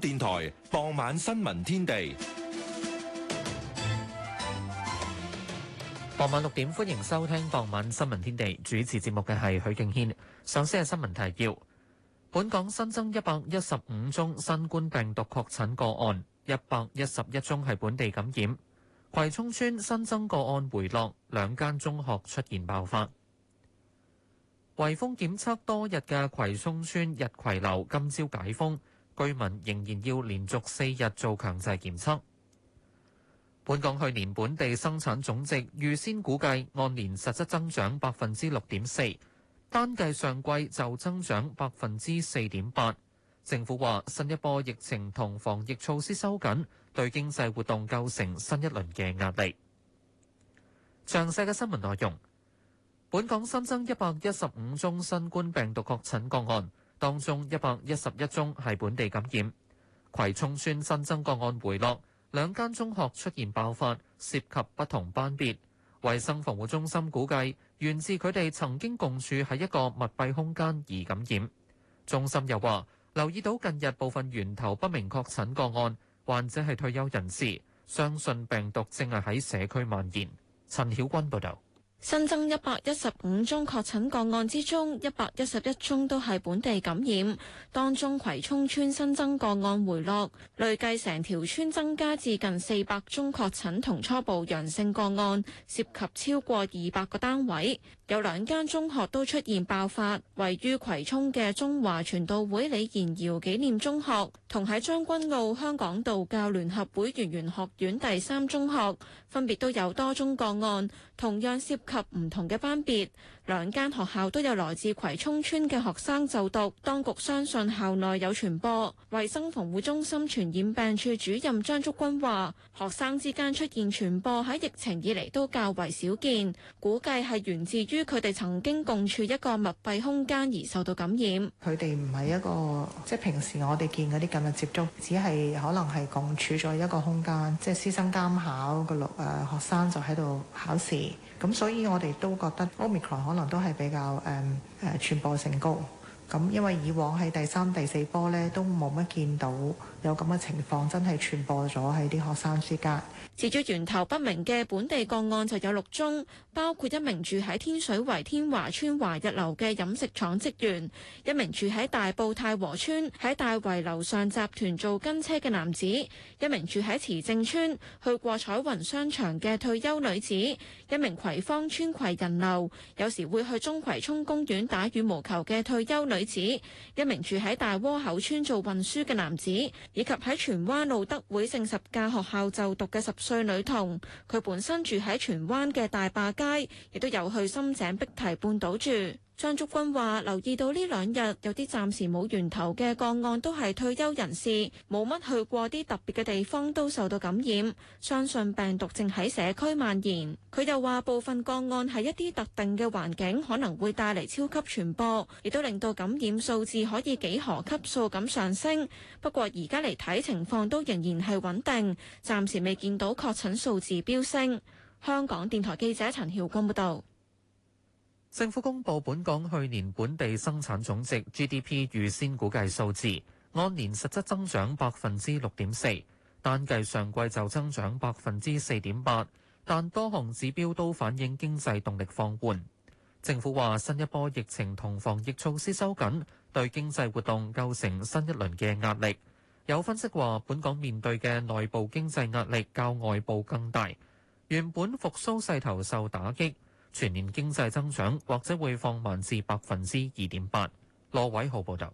電台傍晚新聞天地，傍晚六點歡迎收聽傍晚新聞天地。主持節目嘅係許敬軒。首先係新聞提要：本港新增一百一十五宗新冠病毒確診個案，一百一十一宗係本地感染。葵涌村新增個案回落，兩間中學出現爆發。圍封檢測多日嘅葵涌村日葵樓今朝解封。居民仍然要連續四日做強制檢測。本港去年本地生產總值預先估計按年實質增長百分之六點四，單計上季就增長百分之四點八。政府話，新一波疫情同防疫措施收緊，對經濟活動構成新一輪嘅壓力。詳細嘅新聞內容，本港新增一百一十五宗新冠病毒確診個案。當中一百一十一宗係本地感染，葵涌村新增個案回落，兩間中學出現爆發，涉及不同班別。衛生防護中心估計，源自佢哋曾經共處喺一個密閉空間而感染。中心又話，留意到近日部分源頭不明確診個案，患者係退休人士，相信病毒正係喺社區蔓延。陳曉君報導。新增一百一十五宗確診個案之中，一百一十一宗都係本地感染。當中葵涌村新增個案回落，累計成條村增加至近四百宗確診同初步陽性個案，涉及超過二百個單位。有兩間中學都出現爆發，位於葵涌嘅中華傳道會李賢堯紀念中學同喺將軍澳香港道教聯合會圓玄學院第三中學，分別都有多宗個案，同樣涉及唔同嘅班別。兩間學校都有來自葵涌村嘅學生就讀，當局相信校內有傳播。衞生防護中心傳染病處主任張竹君話，學生之間出現傳播喺疫情以嚟都較為少見，估計係源自於佢哋曾經共處一個密閉空間而受到感染。佢哋唔係一個即係平時我哋見嗰啲咁嘅接觸，只係可能係共處咗一個空間，即係師生監考個六誒學生就喺度考試。咁所以我哋都覺得 Omicron 可能都係比較誒誒、um, 呃、傳播性高，咁因為以往喺第三、第四波呢，都冇乜見到有咁嘅情況，真係傳播咗喺啲學生之間。至於源頭不明嘅本地個案就有六宗，包括一名住喺天水圍天華邨華日樓嘅飲食廠職員，一名住喺大埔太和邨喺大圍樓上集團做跟車嘅男子，一名住喺慈正邨去過彩雲商場嘅退休女子，一名葵芳邨葵仁樓有時會去中葵涌公園打羽毛球嘅退休女子，一名住喺大窩口邨做運輸嘅男子，以及喺荃灣路德會聖十架學校就讀嘅十歲女童，佢本身住喺荃灣嘅大壩街，亦都有去深井碧堤半島住。張竹君話：留意到呢兩日有啲暫時冇源頭嘅個案都係退休人士，冇乜去過啲特別嘅地方都受到感染。相信病毒正喺社區蔓延。佢又話：部分個案係一啲特定嘅環境可能會帶嚟超級傳播，亦都令到感染數字可以幾何級數咁上升。不過而家嚟睇情況都仍然係穩定，暫時未見到確診數字飆升。香港電台記者陳曉君報道。政府公布本港去年本地生產總值 GDP 預先估計數字，按年實質增長百分之六點四，單計上季就增長百分之四點八。但多項指標都反映經濟動力放緩，政府話新一波疫情同防疫措施收緊對經濟活動構成新一輪嘅壓力。有分析話本港面對嘅內部經濟壓力較外部更大，原本復甦勢頭受打擊。全年經濟增長或者會放慢至百分之二點八。羅偉豪報道，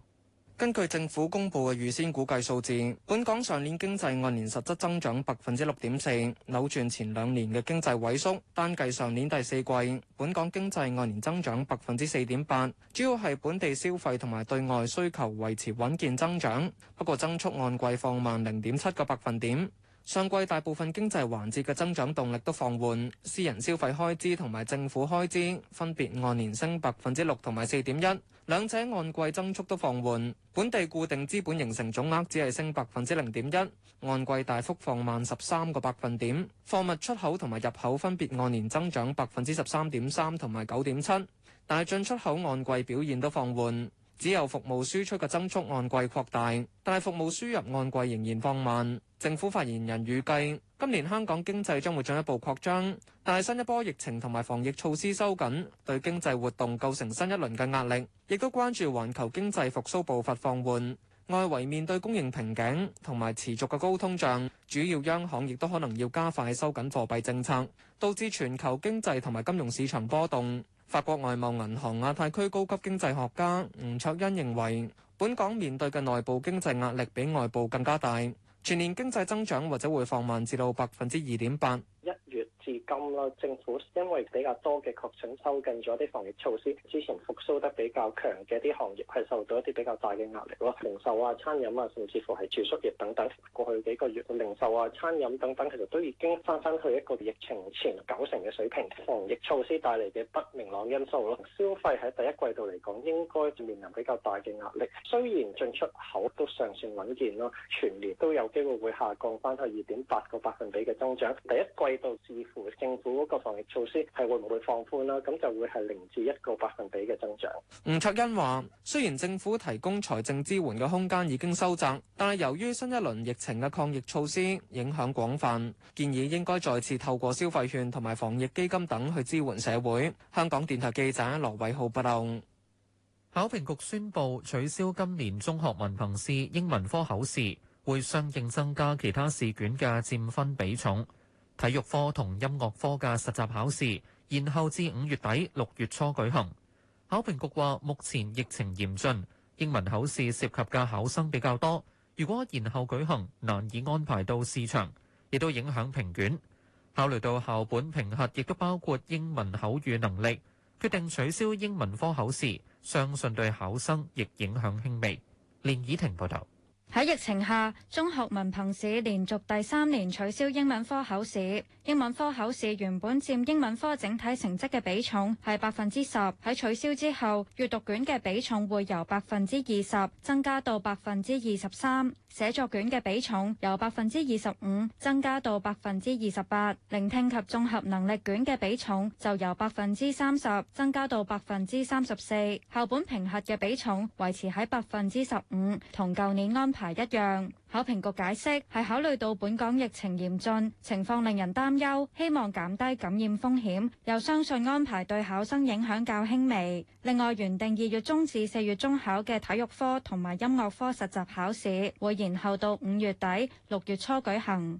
根據政府公布嘅預先估計數字，本港上年經濟按年實質增長百分之六點四，扭轉前兩年嘅經濟萎縮。單計上年第四季，本港經濟按年增長百分之四點八，主要係本地消費同埋對外需求維持穩健增長。不過增速按季放慢零點七個百分點。上季大部分經濟環節嘅增長動力都放緩，私人消費開支同埋政府開支分別按年升百分之六同埋四點一，兩者按季增速都放緩。本地固定資本形成總額只係升百分之零點一，按季大幅放慢十三個百分點。貨物出口同埋入口分別按年增長百分之十三點三同埋九點七，但係進出口按季表現都放緩，只有服務輸出嘅增速按季擴大，但係服務輸入按季仍然放慢。政府發言人預計今年香港經濟將會進一步擴張，但係新一波疫情同埋防疫措施收緊，對經濟活動構成新一輪嘅壓力。亦都關注環球經濟復甦步伐放緩，外圍面對供應瓶頸同埋持續嘅高通脹，主要央行亦都可能要加快收緊貨幣政策，導致全球經濟同埋金融市場波動。法國外貿銀行亞太區高級經濟學家吳卓恩認為，本港面對嘅內部經濟壓力比外部更加大。全年經濟增長或者會放慢至到百分之二點八。咁咯，政府因為比較多嘅確診，收緊咗啲防疫措施。之前復甦得比較強嘅啲行業係受到一啲比較大嘅壓力咯，零售啊、餐飲啊，甚至乎係住宿業等等。過去幾個月，零售啊、餐飲等等，其實都已經翻翻去一個疫情前九成嘅水平。防疫措施帶嚟嘅不明朗因素咯，消費喺第一季度嚟講應該面臨比較大嘅壓力。雖然進出口都尚算穩健咯，全年都有機會會下降翻去二點八個百分比嘅增長。第一季度似乎政府嗰個防疫措施係會唔會放寬啦？咁就會係零至一個百分比嘅增長。吳卓恩話：雖然政府提供財政支援嘅空間已經收窄，但係由於新一輪疫情嘅抗疫措施影響廣泛，建議應該再次透過消費券同埋防疫基金等去支援社會。香港電台記者羅偉浩報道。考評局宣布取消今年中學文憑試英文科考試，會相應增加其他試卷嘅佔分比重。體育科同音樂科嘅實習考試，延後至五月底六月初舉行。考評局話，目前疫情嚴峻，英文考試涉及嘅考生比較多，如果延後舉行，難以安排到試場，亦都影響評卷。考慮到校本評核亦都包括英文口語能力，決定取消英文科考試，相信對考生亦影響輕微。連怡婷報道。喺疫情下，中學文憑試連續第三年取消英文科口試，英文科口試原本佔英文科整體成績嘅比重係百分之十，喺取消之後，閱讀卷嘅比重會由百分之二十增加到百分之二十三。寫作卷嘅比重由百分之二十五增加到百分之二十八，聆聽及綜合能力卷嘅比重就由百分之三十增加到百分之三十四，校本評核嘅比重維持喺百分之十五，同舊年安排一樣。考評局解釋，係考慮到本港疫情嚴峻，情況令人擔憂，希望減低感染風險，又相信安排對考生影響較輕微。另外，原定二月中至四月中考嘅體育科同埋音樂科實習考試，會延後到五月底，六月初舉行。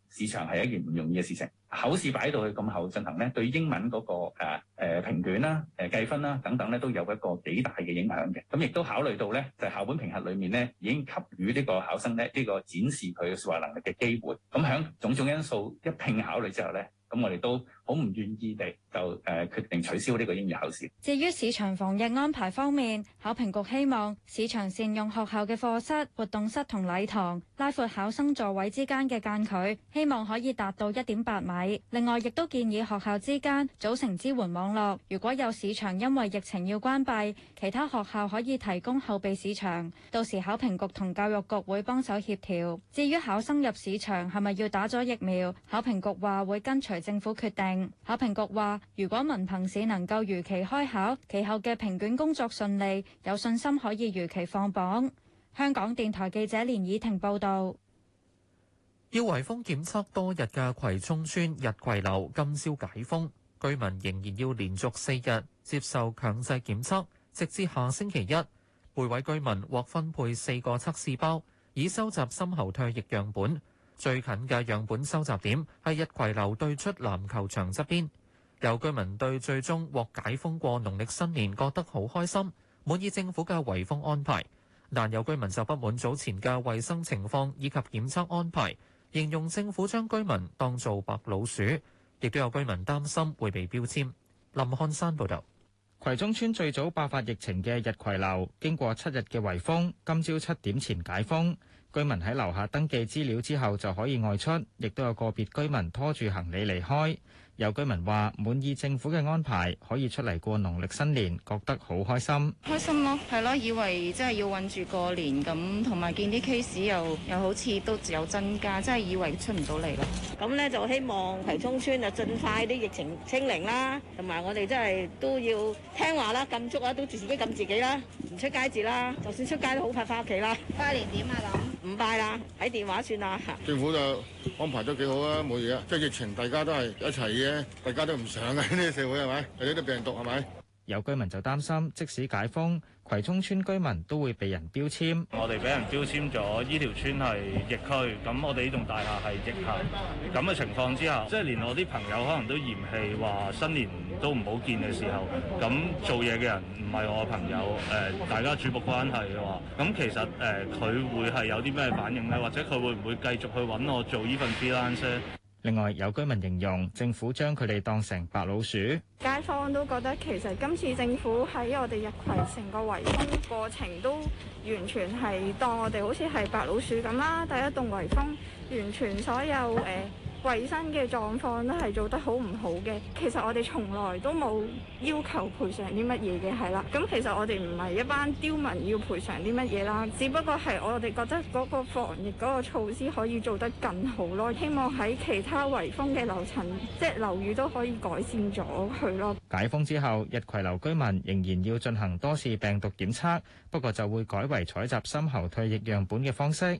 市場係一件唔容易嘅事情，考試擺到去咁後進行咧，對英文嗰、那個誒誒評卷啦、誒、呃、計分啦、啊呃啊、等等咧，都有一個幾大嘅影響嘅。咁亦都考慮到咧，就係、校本評核裡面咧，已經給予呢個考生咧呢、這個展示佢嘅說話能力嘅機會。咁響種種因素一拼考慮之後咧，咁我哋都，好唔願意地就誒決定取消呢個英語考試。至於試場防疫安排方面，考評局希望試場善用學校嘅課室、活動室同禮堂，拉闊考生座位之間嘅間距，希望可以達到一點八米。另外，亦都建議學校之間組成支援網絡，如果有試場因為疫情要關閉，其他學校可以提供後備試場。到時考評局同教育局會幫手協調。至於考生入試場係咪要打咗疫苗，考評局話會跟隨政府決定。考評局話：如果文憑試能夠如期開考，其後嘅評卷工作順利，有信心可以如期放榜。香港電台記者連以婷報道。要圍封檢測多日嘅葵涌村日葵樓今宵解封，居民仍然要連續四日接受強制檢測，直至下星期一。每位居民獲分配四個測試包，以收集深喉唾液，液樣本。最近嘅樣本收集點係，日葵樓對出籃球場側邊，有居民對最終獲解封過農曆新年覺得好開心，滿意政府嘅圍封安排。但有居民就不滿早前嘅衛生情況以及檢測安排，形容政府將居民當做白老鼠。亦都有居民擔心會被標籤。林漢山報道。葵涌邨最早爆發疫情嘅逸葵樓，經過七日嘅圍封，今朝七點前解封，居民喺樓下登記資料之後就可以外出，亦都有個別居民拖住行李離開。有居民話滿意政府嘅安排，可以出嚟過農曆新年，覺得好開心。開心咯，係咯，以為真係要韞住過年咁，同埋見啲 case 又又好似都有增加，真係以為出唔到嚟咯。咁咧就希望葵涌村就盡快啲疫情清零啦，同埋我哋真係都要聽話啦，禁足啊，都自己禁自己啦，唔出街住啦，就算出街都好快返屋企啦。花年點啊，咁？唔拜啦，睇電話算啦。政府就安排得幾好啊，冇嘢啊，即係疫情大家都係一齊嘅，大家都唔想嘅呢個社會係咪？係呢啲病毒係咪？有居民就擔心，即使解封，葵涌村居民都會被人標籤，我哋俾人標籤咗，呢條村係疫區，咁我哋呢棟大廈係疫校，咁嘅情況之下，即係連我啲朋友可能都嫌棄話新年都唔好見嘅時候，咁做嘢嘅人唔係我嘅朋友，誒、呃、大家主僕關係嘅話，咁其實誒佢、呃、會係有啲咩反應咧？或者佢會唔會繼續去揾我做呢份 freelancer？另外有居民形容政府將佢哋當成白老鼠，街坊都覺得其實今次政府喺我哋日葵成個圍封過程都完全係當我哋好似係白老鼠咁啦。第一棟圍封完全所有誒。呃衞生嘅狀況咧係做得好唔好嘅，其實我哋從來都冇要求賠償啲乜嘢嘅，係啦。咁其實我哋唔係一班刁民要賠償啲乜嘢啦，只不過係我哋覺得嗰個防疫嗰個措施可以做得更好咯，希望喺其他圍封嘅樓層，即係樓宇都可以改善咗佢咯。解封之後，日葵樓居民仍然要進行多次病毒檢測，不過就會改為採集深喉唾液樣本嘅方式。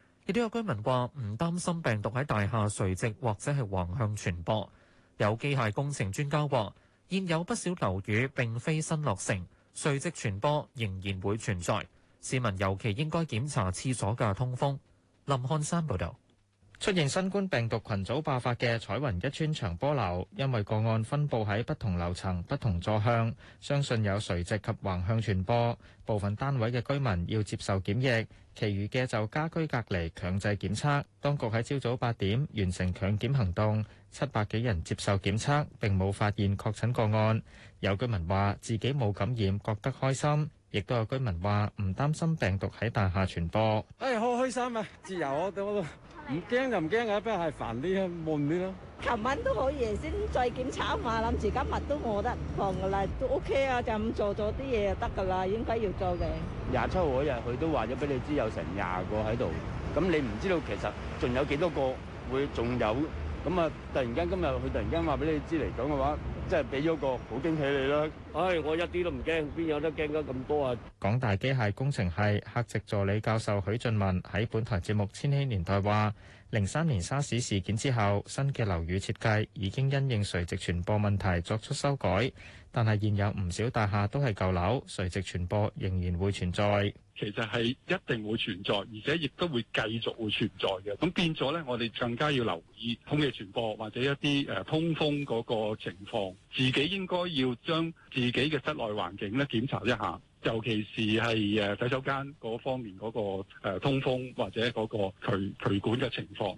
亦都有居民話唔擔心病毒喺大廈垂直或者係橫向傳播。有機械工程專家話，現有不少樓宇並非新落成，垂直傳播仍然會存在。市民尤其應該檢查廁所嘅通風。林漢山報導。出現新冠病毒群組爆發嘅彩雲一村長波樓，因為個案分佈喺不同樓層、不同座向，相信有垂直及橫向傳播。部分單位嘅居民要接受檢疫，其餘嘅就家居隔離強制檢測。當局喺朝早八點完成強檢行動，七百幾人接受檢測，並冇發現確診個案。有居民話自己冇感染，覺得開心；亦都有居民話唔擔心病毒喺大廈傳播。誒，好開心啊！自由啊！到～唔驚就唔驚啊，不過係煩啲啊，悶啲咯。琴晚都好夜先再檢查啊嘛，諗住今日都冇得放嘅啦，都 OK 啊，就咁做咗啲嘢就得噶啦，應該要做嘅。廿七號嗰日佢都話咗俾你知有成廿個喺度，咁你唔知道其實仲有幾多個會仲有，咁啊突然間今日佢突然間話俾你知嚟講嘅話。即係俾咗個好驚喜你啦！唉，我一啲都唔驚，邊有得驚得咁多啊？港大機械工程系客席助理教授許俊文喺本台節目《千禧年代》話：零三年沙士事件之後，新嘅樓宇設計已經因應垂直傳播問題作出修改。但係現有唔少大廈都係舊樓，垂直傳播仍然會存在。其實係一定會存在，而且亦都會繼續會存在嘅。咁變咗咧，我哋更加要留意空氣傳播或者一啲誒、呃、通風嗰個情況。自己應該要將自己嘅室內環境咧檢查一下，尤其是係誒洗手間嗰方面嗰、嗰個、呃、通風或者嗰個渠渠管嘅情況。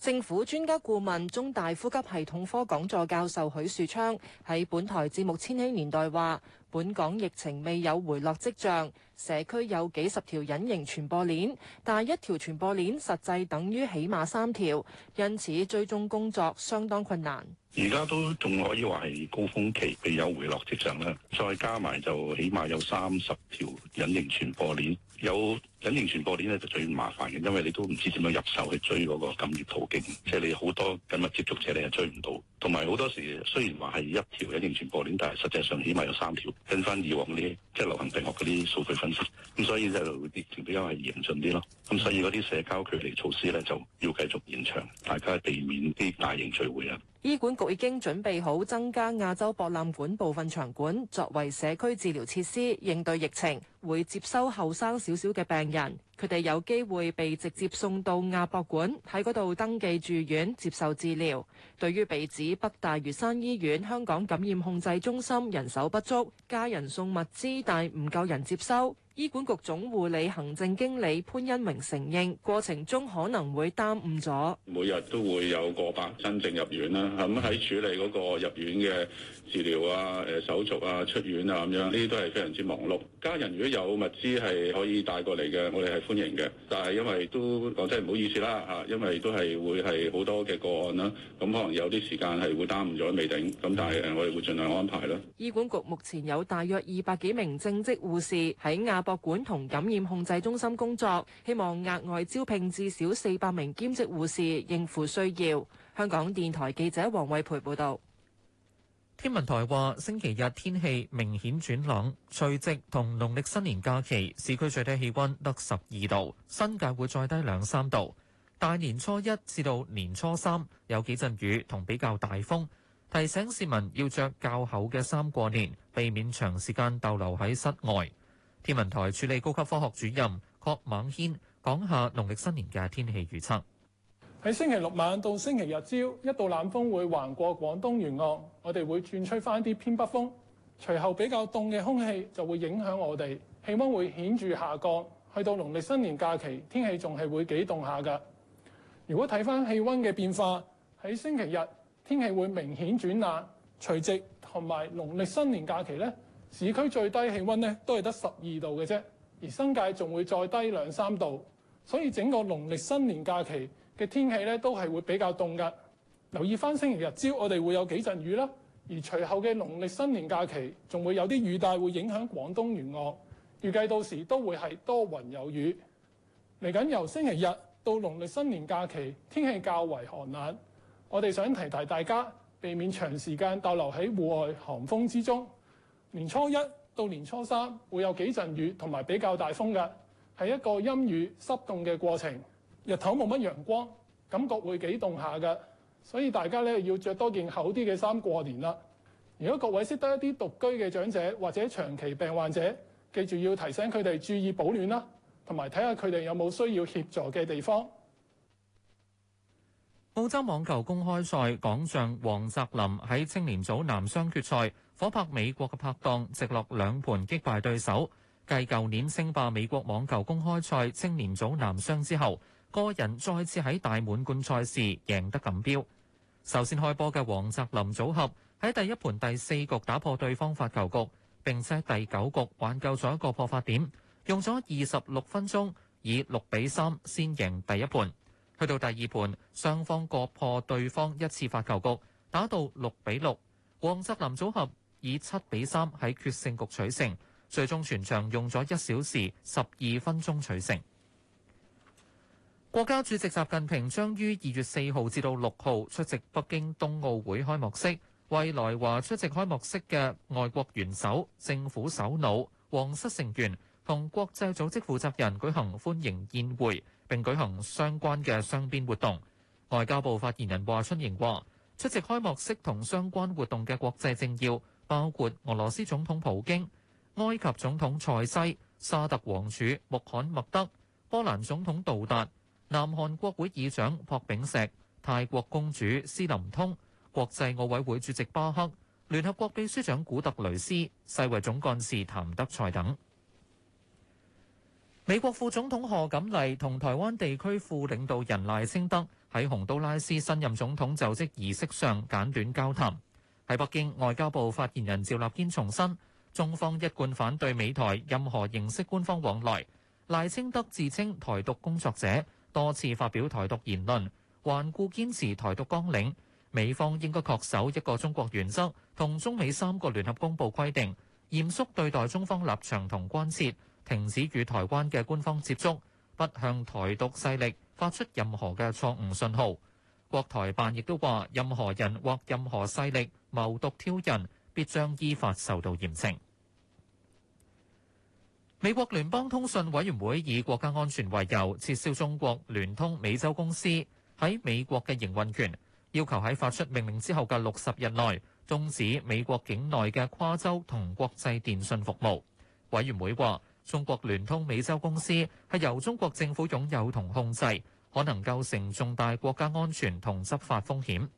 政府專家顧問、中大呼吸系統科講座教授許樹昌喺本台節目《千禧年代》話：本港疫情未有回落跡象，社區有幾十條隱形傳播鏈，但一條傳播鏈實際等於起碼三條，因此追蹤工作相當困難。而家都仲可以話係高峰期，未有回落跡象啦。再加埋就起碼有三十條隱形傳播鏈，有。隱形傳播鏈咧就最麻煩嘅，因為你都唔知點樣入手去追嗰個感染途徑，即係你好多緊密接觸者你係追唔到，同埋好多時雖然話係一條隱形傳播鏈，但係實際上起碼有三條，跟翻以往嗰啲即係流行病學嗰啲數據分析，咁所以就疫情比較係嚴峻啲咯。咁所以嗰啲社交距離措施咧就要繼續延長，大家避免啲大型聚會啦。醫管局已經準備好增加亞洲博覽館部分場館作為社區治療設施，應對疫情會接收後生少少嘅病人。佢哋有機會被直接送到亞博館喺嗰度登記住院接受治療。對於被指北大嶼山醫院香港感染控制中心人手不足，家人送物資但唔夠人接收，醫管局總護理行政經理潘恩明承認，過程中可能會耽誤咗。每日都會有過百新症入院啦，咁喺處理嗰個入院嘅治療啊、誒手續啊、出院啊咁樣，呢啲都係非常之忙碌。家人如果有物資係可以帶過嚟嘅，我哋係歡迎嘅，但係因為都講真，唔好意思啦嚇，因為都係會係好多嘅個案啦，咁可能有啲時間係會耽誤咗，未定咁，但係誒，我哋會盡量安排啦。醫管局目前有大約二百幾名正職護士喺亞博館同感染控制中心工作，希望額外招聘至少四百名兼職護士應付需要。香港電台記者黃慧培報道。天文台話：星期日天氣明顯轉冷，除夕同農曆新年假期，市區最低氣溫得十二度，新界會再低兩三度。大年初一至到年初三有幾陣雨同比較大風，提醒市民要着較厚嘅衫過年，避免長時間逗留喺室外。天文台助理高級科學主任郭猛軒講下農曆新年嘅天氣預測。喺星期六晚到星期日朝，一道冷風會橫過廣東沿岸，我哋會轉吹翻啲偏北風。隨後比較凍嘅空氣就會影響我哋，氣温會顯著下降。去到農曆新年假期，天氣仲係會幾凍下噶。如果睇翻氣温嘅變化，喺星期日天氣會明顯轉冷，除夕同埋農曆新年假期咧，市區最低氣温咧都係得十二度嘅啫，而新界仲會再低兩三度。所以整個農曆新年假期，嘅天氣咧都係會比較凍㗎。留意返星期日朝，我哋會有幾陣雨啦。而隨後嘅農曆新年假期，仲會有啲雨帶會影響廣東沿岸，預計到時都會係多雲有雨。嚟緊由星期日到農曆新年假期，天氣較為寒冷。我哋想提提大家，避免長時間逗留喺戶外寒風之中。年初一到年初三會有幾陣雨同埋比較大風㗎，係一個陰雨濕凍嘅過程。日頭冇乜陽光，感覺會幾凍下噶，所以大家咧要着多件厚啲嘅衫過年啦。如果各位識得一啲獨居嘅長者或者長期病患者，記住要提醒佢哋注意保暖啦，同埋睇下佢哋有冇需要協助嘅地方。澳洲網球公開賽，港將王澤林喺青年組男雙決賽夥拍美國嘅拍檔，直落兩盤擊敗對手，繼舊年稱霸美國網球公開賽青年組男雙之後，個人再次喺大滿貫賽事贏得錦標。首先開波嘅王澤林組合喺第一盤第四局打破對方發球局，並且第九局挽救咗一個破發點，用咗二十六分鐘以六比三先贏第一盤。去到第二盤，雙方各破對方一次發球局，打到六比六。王澤林組合以七比三喺決勝局取勝，最終全場用咗一小時十二分鐘取勝。國家主席習近平將於二月四號至到六號出席北京冬奧會開幕式。為來華出席開幕式嘅外國元首、政府首腦、皇室成員同國際組織負責人舉行歡迎宴會，並舉行相關嘅雙邊活動。外交部發言人華春瑩話：出席開幕式同相關活動嘅國際政要包括俄羅斯總統普京、埃及總統塞西、沙特王儲穆罕默德、波蘭總統杜達。南韓國會議長朴炳錫、泰國公主斯林通、國際奧委會主席巴克、聯合國秘書長古特雷斯、世衛總幹事譚德塞等，美國副總統賀錦麗同台灣地區副領導人賴清德喺洪都拉斯新任總統就職儀式上簡短交談。喺北京，外交部發言人趙立堅重申，中方一貫反對美台任何形式官方往來。賴清德自稱台獨工作者，多次發表台獨言論，頑固堅持台獨綱領，美方應該恪守一個中國原則同中美三個聯合公佈規定，嚴肅對待中方立場同關切，停止與台灣嘅官方接觸，不向台獨勢力發出任何嘅錯誤信號。國台辦亦都話：任何人或任何勢力謀獨挑釁，必將依法受到嚴懲。美國聯邦通訊委員會以國家安全為由，撤銷中國聯通美洲公司喺美國嘅營運權，要求喺發出命令之後嘅六十日內終止美國境內嘅跨州同國際電訊服務。委員會話：中國聯通美洲公司係由中國政府擁有同控制，可能構成重大國家安全同執法風險。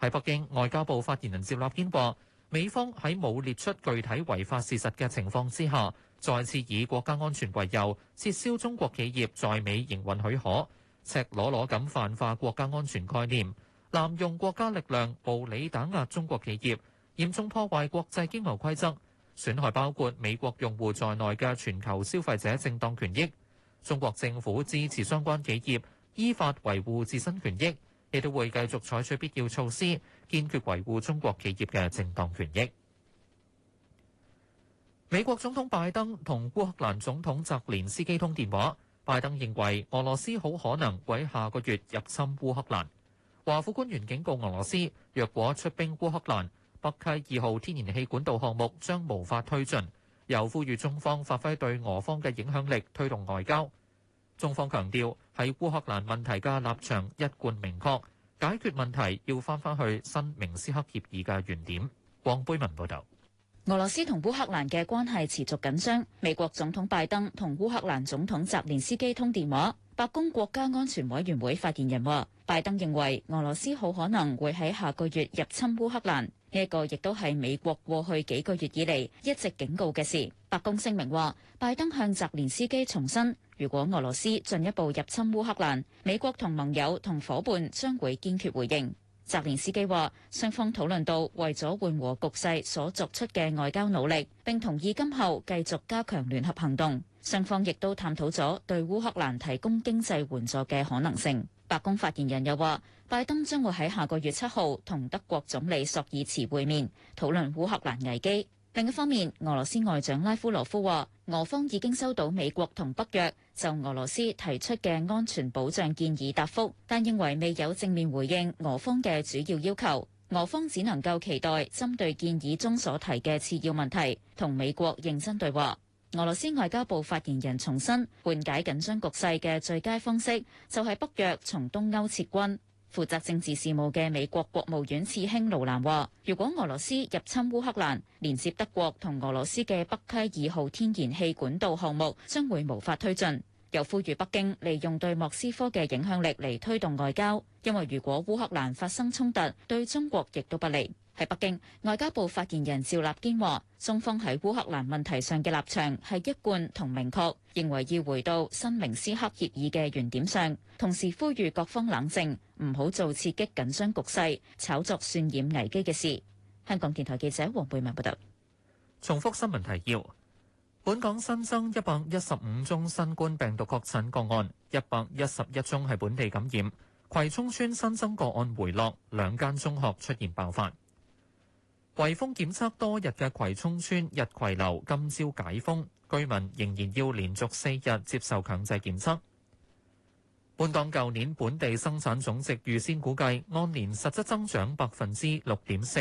喺北京，外交部發言人趙立堅話。美方喺冇列出具體違法事實嘅情況之下，再次以國家安全為由，撤銷中國企業在美營運許可，赤裸裸咁泛化國家安全概念，濫用國家力量，無理打壓中國企業，嚴重破壞國際經貿規則，損害包括美國用戶在內嘅全球消費者正當權益。中國政府支持相關企業依法維護自身權益。亦都會繼續採取必要措施，堅決維護中國企業嘅正當權益。美國總統拜登同烏克蘭總統澤連斯基通電話，拜登認為俄羅斯好可能會喺下個月入侵烏克蘭。華府官員警告俄羅斯，若果出兵烏克蘭，北溪二號天然氣管道項目將無法推進，又呼籲中方發揮對俄方嘅影響力，推動外交。中方強調，喺烏克蘭問題嘅立場一貫明確，解決問題要翻返去《新明斯克協議》嘅原點。黃貝文報導，俄羅斯同烏克蘭嘅關係持續緊張。美國總統拜登同烏克蘭總統澤連斯基通電話，白宮國家安全委員會發言人話，拜登認為俄羅斯好可能會喺下個月入侵烏克蘭。呢個亦都係美國過去幾個月以嚟一直警告嘅事。白宮聲明話，拜登向澤連斯基重申，如果俄羅斯進一步入侵烏克蘭，美國同盟友同夥伴將會堅決回應。澤連斯基話，雙方討論到為咗緩和局勢所作出嘅外交努力，並同意今後繼續加強聯合行動。雙方亦都探討咗對烏克蘭提供經濟援助嘅可能性。白宮發言人又話。拜登將會喺下個月七號同德國總理索爾茨會面，討論烏克蘭危機。另一方面，俄羅斯外長拉夫羅夫話，俄方已經收到美國同北約就俄羅斯提出嘅安全保障建議答覆，但認為未有正面回應俄方嘅主要要求。俄方只能夠期待針對建議中所提嘅次要問題同美國認真對話。俄羅斯外交部發言人重申，緩解緊張局勢嘅最佳方式就係北約從東歐撤軍。負責政治事務嘅美國國務院次卿盧蘭話，如果俄羅斯入侵烏克蘭，連接德國同俄羅斯嘅北溪二號天然氣管道項目將會無法推進。又呼籲北京利用對莫斯科嘅影響力嚟推動外交，因為如果烏克蘭發生衝突，對中國亦都不利。喺北京，外交部發言人趙立堅話，中方喺烏克蘭問題上嘅立場係一貫同明確認為要回到《新明斯克協議》嘅原點上，同時呼籲各方冷靜，唔好做刺激緊張局勢、炒作渲染危機嘅事。香港電台記者黃貝文報道。重複新聞提要，本港新增一百一十五宗新冠病毒確診個案，一百一十一宗係本地感染。葵涌村新增個案回落，兩間中學出現爆發。圍封檢測多日嘅葵涌村日葵樓今朝解封，居民仍然要連續四日接受強制檢測。本港舊年本地生產總值預先估計按年實質增長百分之六點四，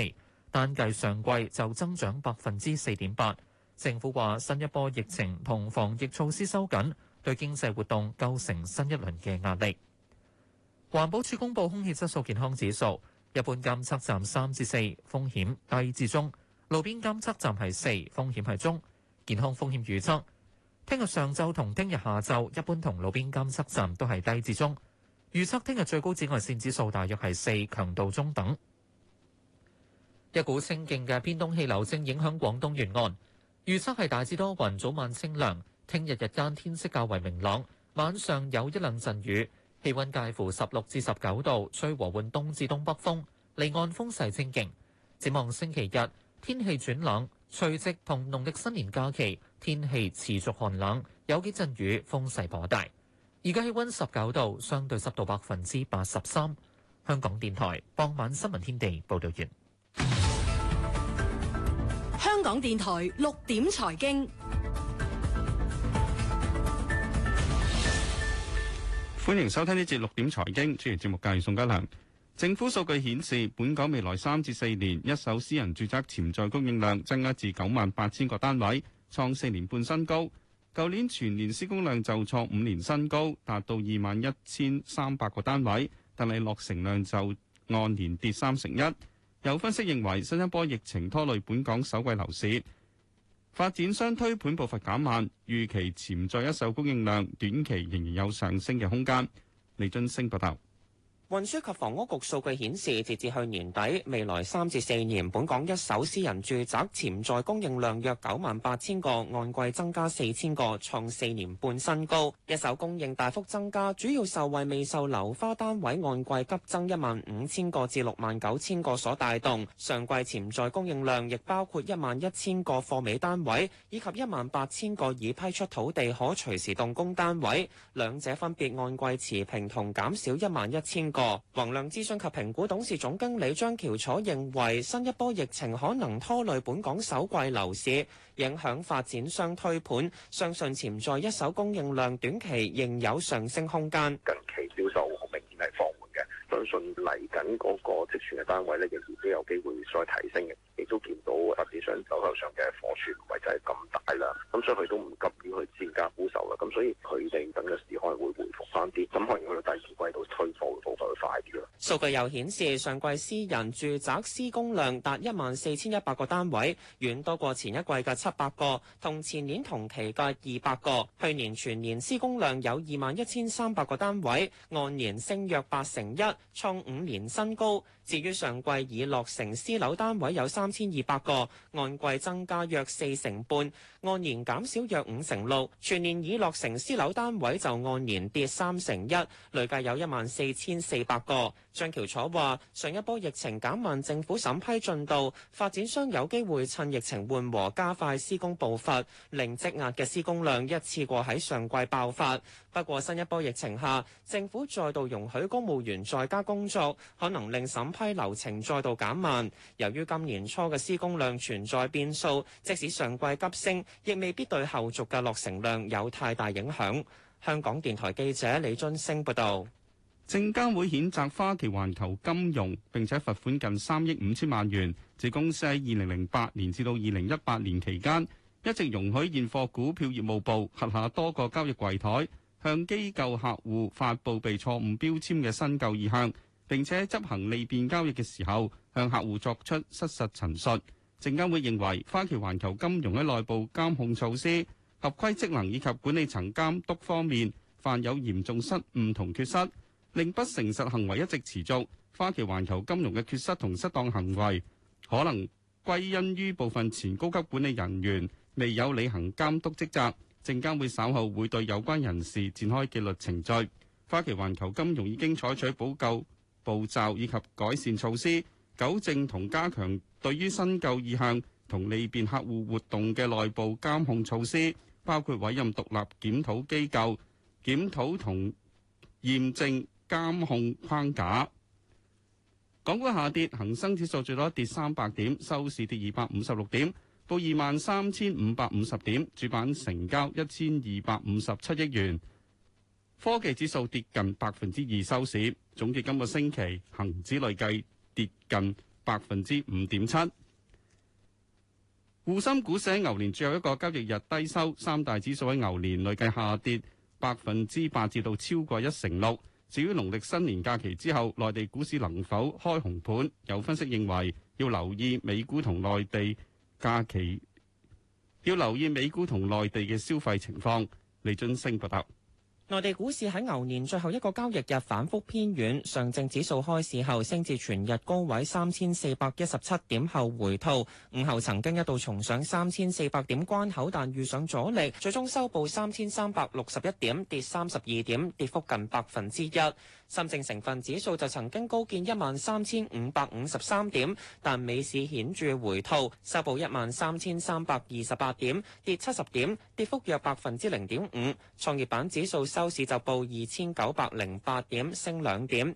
單計上季就增長百分之四點八。政府話新一波疫情同防疫措施收緊，對經濟活動構成新一輪嘅壓力。環保署公布空氣質素健康指數。一般監測站三至四，風險低至中；路邊監測站係四，風險係中。健康風險預測：聽日上晝同聽日下晝，一般同路邊監測站都係低至中。預測聽日最高紫外線指數大約係四，強度中等。一股清勁嘅偏東氣流正影響廣東沿岸，預測係大致多雲，早晚清涼。聽日日間天色較為明朗，晚上有一兩陣雨。氣溫介乎十六至十九度，吹和緩東至東北風，離岸風勢清勁。展望星期日天氣轉冷，除夕同農曆新年假期天氣持續寒冷，有幾陣雨，風勢頗大。而家氣溫十九度，相對濕度百分之八十三。香港電台傍晚新聞天地報道完。香港電台六點財經。歡迎收聽呢節六點財經，主持節目嘅係宋家良。政府數據顯示，本港未來三至四年一手私人住宅潛在供應量增加至九萬八千個單位，創四年半新高。舊年全年施工量就創五年新高，達到二萬一千三百個單位，但係落成量就按年跌三成一。有分析認為，新一波疫情拖累本港首季樓市。發展商推盤步伐減慢，預期潛在一手供應量短期仍然有上升嘅空間。李俊升報道。運輸及房屋局數據顯示，截至去年底，未來三至四年，本港一手私人住宅潛在供應量約九萬八千個，按季增加四千個，創四年半新高。一手供應大幅增加，主要受惠未售樓花單位，按季急增一萬五千個至六萬九千個所帶動。上季潛在供應量亦包括一萬一千個貨尾單位，以及一萬八千個已批出土地可隨時動工單位，兩者分別按季持平同減少一萬一千個。宏量、哦、諮詢及評估董事總經理張喬楚認為，新一波疫情可能拖累本港首季樓市，影響發展商推盤，相信潛在一手供應量短期仍有上升空間。近期銷售好明顯係放緩嘅，相信嚟緊嗰個積存嘅單位呢，仍然都有機會再提升嘅。都見到特別上手頭上嘅貨存唔係真係咁大啦，咁所以佢都唔急於去增加供售嘅，咁所以佢哋等嘅時可能會回復翻啲，咁可能去到第二季度推貨嘅步伐會快啲啦。數據又顯示，上季私人住宅施工量達一萬四千一百個單位，遠多過前一季嘅七百個，同前年同期嘅二百個。去年全年施工量有二萬一千三百個單位，按年升約八成一，創五年新高。至於上季已落成私樓單位有三千二百個，按季增加約四成半，按年減少約五成六。全年已落成私樓單位就按年跌三成一，累計有一萬四千四百個。張橋楚話：上一波疫情減慢政府審批進度，發展商有機會趁疫情緩和加快施工步伐，令積壓嘅施工量一次過喺上季爆發。不過新一波疫情下，政府再度容許公務員在家工作，可能令審批流程再度減慢。由於今年初嘅施工量存在變數，即使上季急升，亦未必對後續嘅落成量有太大影響。香港電台記者李津升報道。證監會譴責花旗環球金融，並且罰款近三億五千萬元。這公司喺二零零八年至到二零一八年期間，一直容許現貨股票業務部轄下多個交易櫃台向機構客戶發布被錯誤標籤嘅新舊意向，並且執行利便交易嘅時候，向客戶作出失實陳述。證監會認為花旗環球金融喺內部監控措施、合規職能以及管理層監督方面，犯有嚴重失誤同缺失。令不誠實行為一直持續，花旗環球金融嘅缺失同失當行為，可能歸因於部分前高級管理人員未有履行監督職責。證監會稍後會對有關人士展開紀律程序。花旗環球金融已經採取補救步驟以及改善措施，糾正同加強對於新舊意向同利便客戶活動嘅內部監控措施，包括委任獨立檢討機構檢討同驗證。監控框架。港股下跌，恒生指數最多跌三百點，收市跌二百五十六點，到二萬三千五百五十點，主板成交一千二百五十七億元。科技指數跌近百分之二，收市總結今個星期恒指累計跌近百分之五點七。滬深股市喺牛年最後一個交易日低收，三大指數喺牛年累計下跌百分之八至到超過一成六。至於農曆新年假期之後，內地股市能否開紅盤？有分析認為要留意美股同內地假期，要留意美股同內地嘅消費情況。李俊升報道。內地股市喺牛年最後一個交易日反覆偏軟，上證指數開市後升至全日高位三千四百一十七點後回吐，午後曾經一度重上三千四百點關口，但遇上阻力，最終收報三千三百六十一點，跌三十二點，跌幅近百分之一。深證成分指數就曾經高見一萬三千五百五十三點，但美市顯著回吐，收報一萬三千三百二十八點，跌七十點，跌幅約百分之零點五。創業板指數收市就報二千九百零八點，升兩點。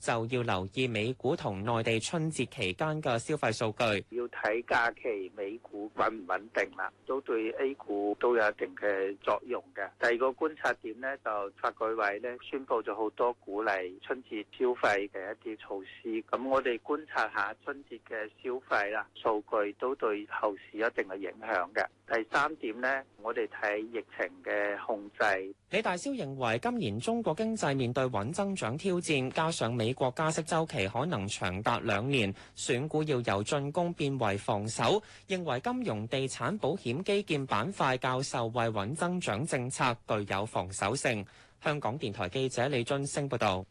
就要留意美股同內地春節期間嘅消費數據，要睇假期美股穩唔穩定啦，都對 A 股都有一定嘅作用嘅。第二個觀察點咧，就發改委咧宣布咗好多鼓勵春節消費嘅一啲措施，咁我哋觀察下春節嘅消費啦，數據都對後市一定嘅影響嘅。第三點咧，我哋睇疫情嘅控制。李大霄認為今年中國經濟面對穩增長挑戰，加上美國加息週期可能長達兩年，選股要由進攻變為防守。認為金融、地產、保險、基建板塊較受惠，穩增長政策具有防守性。香港電台記者李津升報導。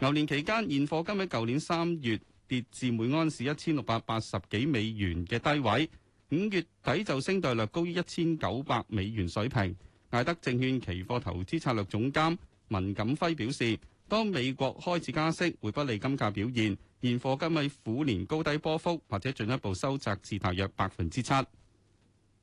牛年期間，現貨金喺舊年三月跌至每安士一千六百八十幾美元嘅低位，五月底就升到略高於一千九百美元水平。艾德證券期貨投資策略總監文錦輝表示。當美國開始加息，會不利金價表現，現貨金喺虎年高低波幅，或者進一步收窄至大約百分之七。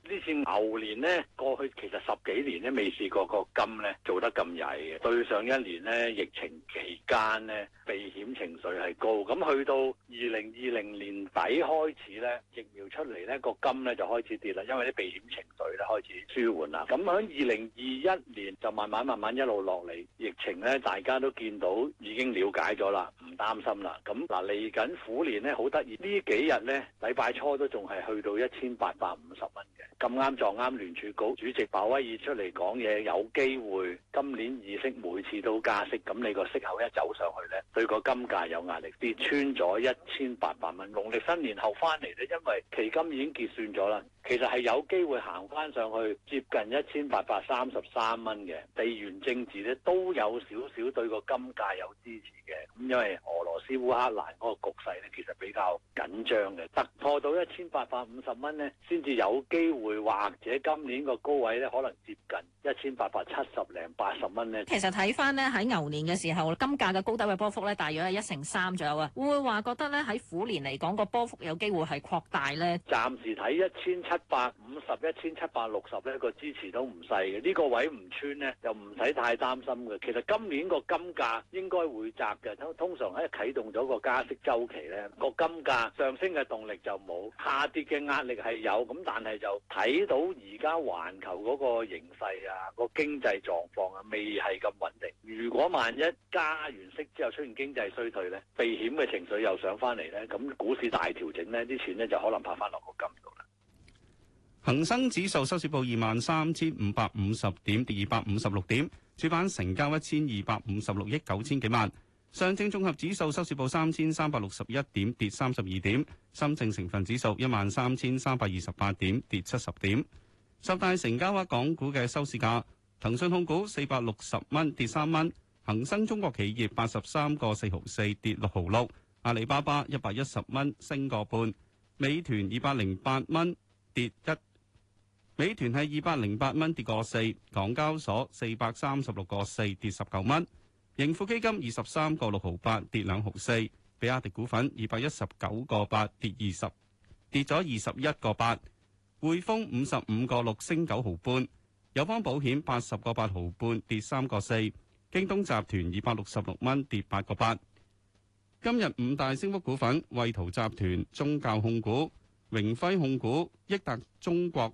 之前牛年呢，過去其實十幾年咧未試過個金咧做得咁曳嘅。對上一年呢，疫情期間呢，避險情緒係高，咁去到二零二零年底開始呢，疫苗出嚟呢個金咧就開始跌啦，因為啲避險情緒咧開始舒緩啦。咁喺二零二一年就慢慢慢慢一路落嚟，疫情咧大家都見到已經了解咗啦，唔擔心啦。咁嗱嚟緊虎年呢，好得意，呢幾日呢，禮拜初都仲係去到一千八百五十蚊。咁啱撞啱聯儲局主席鮑威爾出嚟講嘢，有機會今年議息每次都加息，咁你個息口一走上去呢，對個金價有壓力，跌穿咗一千八百蚊。農曆新年後翻嚟呢，因為期金已經結算咗啦。其實係有機會行翻上去接近一千八百三十三蚊嘅地緣政治咧，都有少少對個金價有支持嘅。咁因為俄羅斯烏克蘭嗰個局勢咧，其實比較緊張嘅。突破到一千八百五十蚊咧，先至有機會，或者今年個高位咧，可能接近一千八百七十零八十蚊咧。其實睇翻咧喺牛年嘅時候，金價嘅高低嘅波幅咧，大約係一成三左右啊。會唔會話覺得咧喺虎年嚟講，個波幅有機會係擴大咧？暫時睇一千七百五十一千七百六十咧，個支持都唔細嘅，呢個位唔穿呢，就唔使太擔心嘅。其實今年個金價應該會窄嘅，通常喺啟動咗個加息周期呢，個金價上升嘅動力就冇，下跌嘅壓力係有。咁但係就睇到而家環球嗰個形勢啊，個經濟狀況啊未係咁穩定。如果萬一加完息之後出現經濟衰退呢，避險嘅情緒又上翻嚟呢，咁股市大調整呢，啲錢呢，就可能拍翻落個金度。恒生指數收市報二萬三千五百五十點，跌二百五十六點。主板成交一千二百五十六億九千幾萬。上證綜合指數收市報三千三百六十一點，跌三十二點。深證成分指數一萬三千三百二十八點，跌七十點。十大成交額港股嘅收市價：騰訊控股四百六十蚊，跌三蚊；恒生中國企業八十三個四毫四，跌六毫六；阿里巴巴一百一十蚊，升個半；美團二百零八蚊，跌一。美團係二百零八蚊，跌個四；港交所四百三十六個四，跌十九蚊；盈富基金二十三個六毫八，跌兩毫四；比亞迪股份二百一十九個八，跌二十，跌咗二十一個八；匯豐五十五個六，升九毫半；友邦保險八十個八毫半，跌三個四；京東集團二百六十六蚊，跌八個八。今日五大升幅股份：惠圖集團、宗教控股、榮輝控股、益達中國。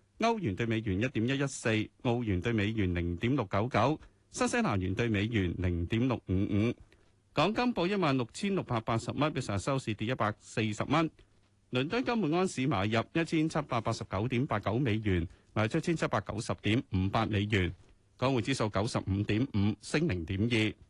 歐元對美元一點一一四，澳元對美元零點六九九，新西蘭元對美元零點六五五。港金報一萬六千六百八十蚊，比上日收市跌一百四十蚊。倫敦金每安士買入一千七百八十九點八九美元，賣出一千七百九十點五八美元。港匯指數九十五點五，升零點二。